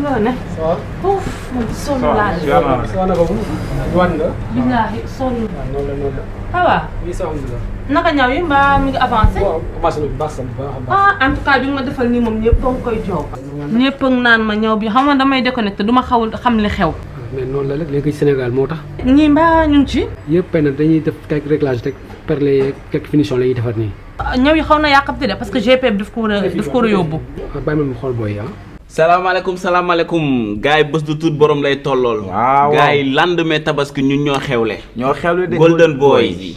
loolu ne. waaw foofu moom sonn laa ne. waaw waaw na boobu. diwaan ñaw yi mbaa mi ngi avancé. waaw avancé bu baax baax a baax. ah en tout cas bi nga defal nii moom ñëpp a ngi koy joow. ñëpp a naan ma ñaw bi xam nga damay déconnecté du ma xawul xam li xew. mais noonu la rek léegi Sénégal moo tax. ñii mbaa ñu ngi ci. yëpp pe dañuy def quelques réglages rek perles quelques finitions la ñuy defar nii. Ah, ñaw yi xaw na yàqamte de parce que GP bi daf ko war a daf ko war a yóbbu. Ah, bàyyi xool booy yi ah. salaamaaleykum salaamaaleykum gars yi bës du tuut boroom lay tollool. waaw gars yi tabaski ñun ñoo xewle. ñoo xewle de golden boy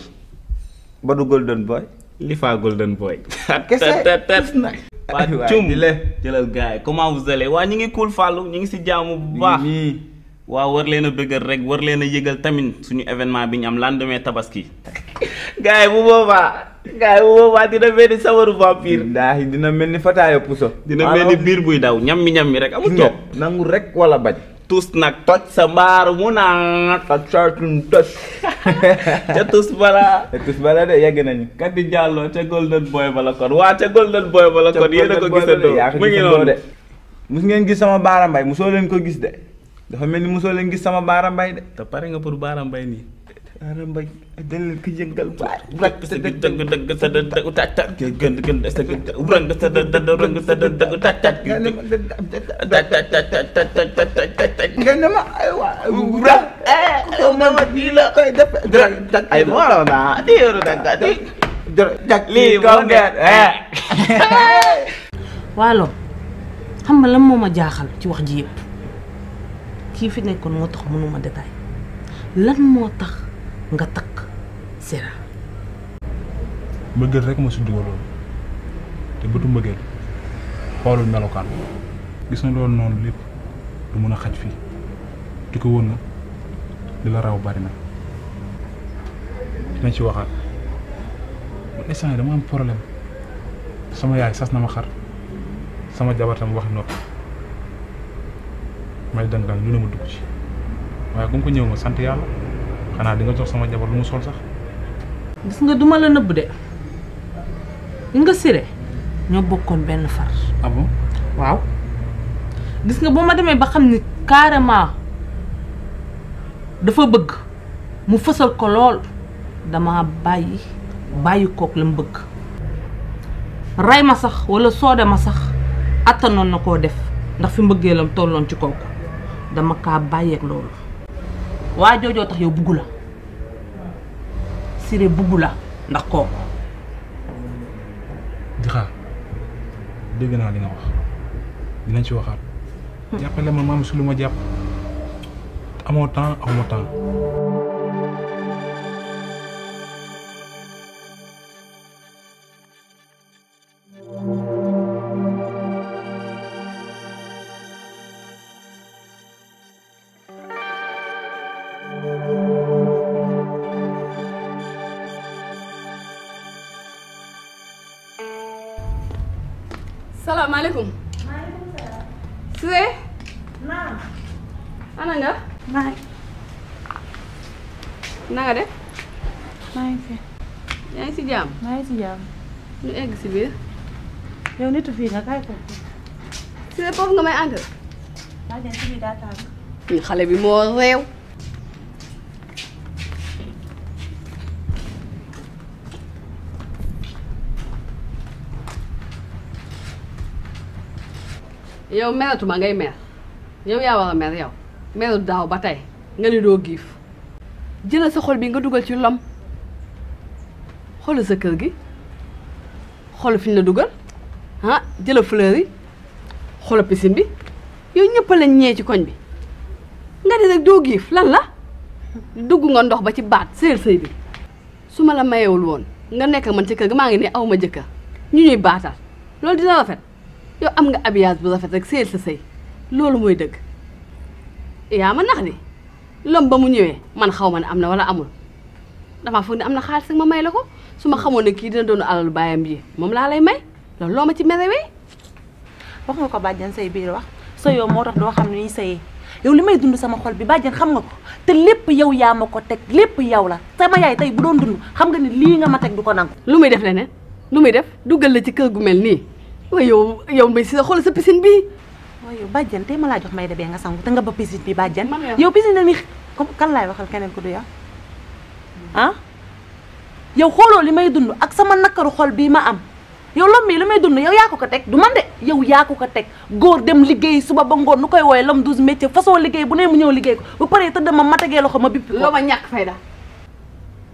ba du golden boy. li faa golden boy. kese tet na. waa cum jëlal gars comment vous allez waa ñu ngi cool Fallou ñu ngi si jaamu bu baax. waaw war leen a bëggal rek war leen a yëgal tamit suñu événement bi ñu am lendemain tabaski. gars bu boobaa. gaay woowaa dina mel ni sawaru vampire ndaax dina mel ni fataayo puso dina mel ni biir buy daw ñammi ñammi rek amu toog nangu rek wala bañ tus nak toj sa mbaar mu naa toj sartun toj ca tus bala ca tus bala de yegg nañu kati jàlloo ca golden boy bala kon waa ca golden boy bala kon yéen a ko gisandoo mu ngi noonu de mus ngeen gis sama baara mbay musoo leen ko gis de dafa mel ni musoo gis sama baara mbay de te pare nga pour baara mbay nii Arambay adal kejengkal bat. utak tak utak tak. tak tak ma jaaxal ci wax ji yëpp kii fi nekkoon moo tax mënuma lan moo nga takk sera mbëggeel rek ma si dugaloon té bëtu mbëggeel xoolul melokan gis na lool non lepp du mëna a xaj fii di ko raw bari na dinañ ci waxaat man instant dama am problème sama yaay sas na ma xar sama jabartam wax noppi may dangal ñu ne ma dugg ci waaye comme ko ñëw ma sant yàlla xanaa di nga jox sama jabar lu mu sol sax gis nga duma la neub de nga sire ño bokkon ben far ah bon waw gis nga ma ba xamni carrément dafa bëgg mu fessel ko lol dama bayyi bayyi kook la mu bëgg ray ma sax wala soda ma sax def ndax fi mbeugelam tolon ci koku dama kaa ak lolou waa joojoo tax yow bugula la Siré bugula ndax ko di xaar dégg li nga wax dinañ ci waxaat. Hmm. jàppale ma mam su lu ma jàpp amo temps amoo temps. salaamaaleykum. maaleykum salaam. Suwe. naam. ana nga. maa ngi. na maa ngi fi. yaa ngi si jàmm. maa ngi si jàmm. ñu egg si biir. yow nitu fii nga kaay ko. Suwe foofu nga may àggal. maa xale bi moo réew. yow meratuma ngay mer yow yaa war a mer yow meru daaw ba tey nga ni doo giif jëlal sa xol bi nga dugal ci lom xoolal sa kër gi xoolal fi ñu la dugal ah jëlal fleur yi xoolal bi yow ñëpp lañ ñee ci koñ bi nga di rek doo giif lan la dugg nga ndox ba ci baat séer sëy bi su ma la mayewul woon nga nekk man ci kër gi maa ngi ne awma jëkkër ñu ñuy baatal loolu dina rafet yow am nga habillage bu rafet rek sëyal sa sëy loolu mooy dëgg yaa ma nax di lom ba mu ñëwee man xaw ma ne am na wala amul damaa foog ne am na xaalis ma may la ko su ma xamoon ne kii dina doon alalu baayam bii moom laa lay may loolu loo ma ci merewee wax nga ko bàjjan say biir wax sa yow moo tax doo xam ne ñuy sayee yow li may dund sama xol bi bàjjan xam nga ko te lépp yow yaa ma ko teg lépp yow la sama yaay tey bu doon dund xam nga ni lii nga ma teg du ko nangu lu muy def leneen lu muy def duggal la ci kër gu mel nii waaye yow yow Mbaye Cissé xoolal sa piscine bi waaye yow bàjjan tey ma laa jox may de bee nga sangu te nga ba piscine bi bàjjan yow piscine na mi comme kan laay waxal keneen ko du yow ah yow xooloo li may dund ak sama nakkaru xol bii ma am yow lom mii li may dund yow yaa ko ko teg du man de yow yaa ko teg góor dem liggéey suba ba ngoon nu koy wooye lom douze métier façon liggéey bu ne mu ñëw liggéey ko bu paree tëdd ma ma tegee loxo ma bippi ko loo ma ñàkk fayda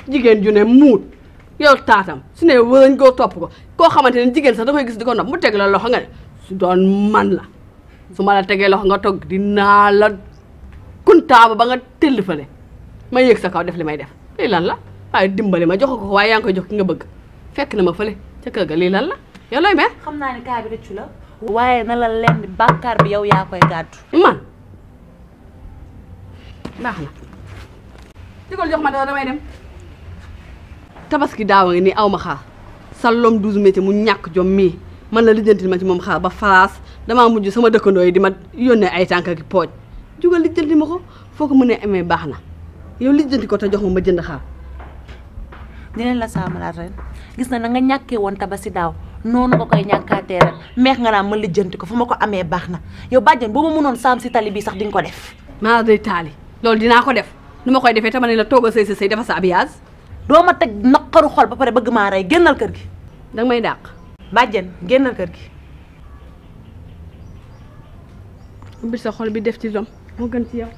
jigéen ju ne muut yow taatam su ne wërañ koo topp ko koo xamante ne jigéen sax da koy gis di ko nopp mu teg la loxo nga ne su doon man la su ma la tegee loxo nga toog dinaa la kuntaaba ba nga tëll fale ma yéeg sa kaw def li may def lii lan la waaye dimbali ma jox ko ko waaye yaa ngi koy jox ki nga bëgg fekk na ma fële ca kër ga lii lan la yow looy xam naa ne kaa bi rëccu la. waaye na la lenn bàkkaar bi yow yaa koy gàddu. man baax na. digal jox ma dara damay dem. tabaski daaw nga nii aw ma xaar saloom douze métier mu ñàkk jom mii man la lijjantil ma ci moom xaar ba faas damaa mujj sama dëkkandoo yi di ma yónnee ay tànk ak pooj jugal lijjanti ma ko foo ko mënee amee baax na yow lijjanti ko te jox ma ma jënd xaar. dinañ la saamalaat rek gis na na nga ñàkkee woon tabaski daaw noonu nga koy ñàkkaatee ren meex nga naa ma lijjanti ko fu ma ko amee baax na yow bàjjen boo ma mënoon saam si tali bii sax di nga ko def. maa day taali loolu dinaa ko def nu ma koy defee tamit ne la toog a sëy sa dafa sa abiyaas doo ma teg naqaru xol ba pare bëgg maa rey génnal kër gi. danga dàq. bàjjen génnal kër gi. ubbi sa xol bi def ci lom moo gën ci yow.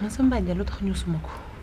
man sama bàjjen lu tax ñuusuma ko.